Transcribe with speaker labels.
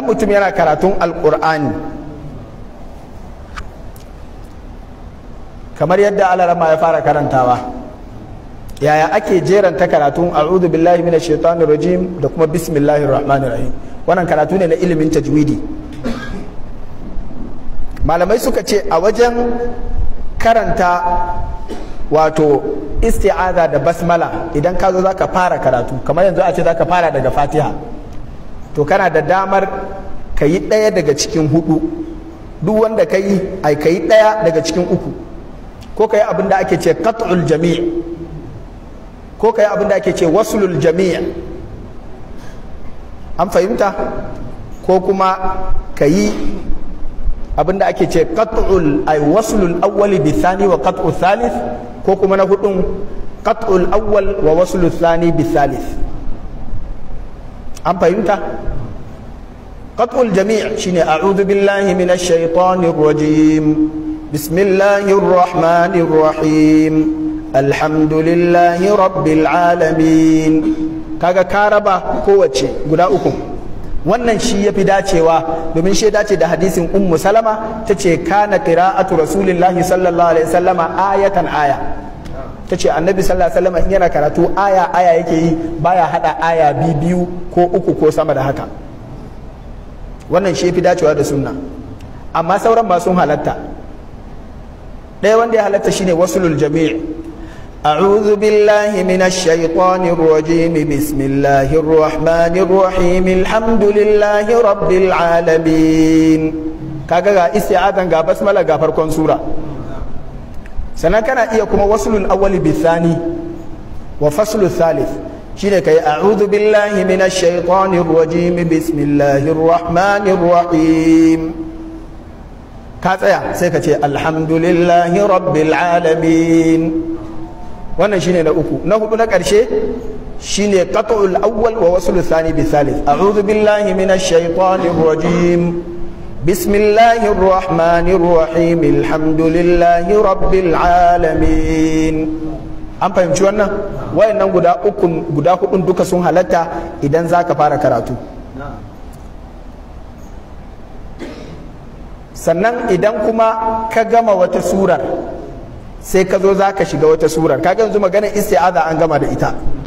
Speaker 1: mutum yana karatun alkur'ani kamar yadda alarama ya fara karantawa yaya ake jeranta karatun a'udhu billahi minash shaitanir rajim da kuma bismillahir rahmanir rahim wannan karatu ne na ilimin tajwidi malamai suka ce a wajen karanta wato isti'aza da basmala idan ka zo za ka fara karatu kamar yanzu a ce za ka fara daga fatiha to kana da damar ka yi ɗaya daga cikin hudu duk wanda ka yi ai ka yi ɗaya daga cikin uku ko ka yi abin da ake ce katul jami' ko ka yi abin da ake ce wasulul jami' an fahimta ko kuma ka yi abin da ake ce katul ai wasulul awwali bi thani wa katul thalith ko kuma na hudun katul awwal wa wasulul thani bi thalith an fahimta قطع الجميع شين أعوذ بالله من الشيطان الرجيم بسم الله الرحمن الرحيم الحمد لله رب العالمين kaga ka raba kowace guda uku wannan shi ya fi dacewa domin shi dace da hadisin ummu salama ta ce kana qira'atu rasulillahi sallallahu alaihi wasallama ayatan aya ta ce annabi sallallahu alaihi wasallama in yana karatu aya aya yake yi baya hada aya biyu ko uku ko sama da haka wannan shi fi dacewa da sunna amma sauran ba sun halatta ɗaya wanda ya halatta shine wasulul jami'i أعوذ بالله من الشيطان الرجيم بسم الله الرحمن الرحيم الحمد لله kaga ga isti'adan ga basmala ga farkon sura sannan kana iya kuma waslul awwali bi thani wa faslu thalith شرك أعوذ بالله من الشيطان الرجيم بسم الله الرحمن الرحيم كافية سيكتي الحمد لله رب العالمين وانا شيني لأكو نهو لك الشيء شيني قطع الأول ووصل الثاني بالثالث أعوذ بالله من الشيطان الرجيم بسم الله الرحمن الرحيم الحمد لله رب العالمين an fahimci wannan wayannan guda ukun guda hudun duka sun halatta idan za ka fara karatu sannan idan kuma ka gama wata surar sai ka zo za ka shiga wata surar kaga yanzu maganar isti'aza an gama da ita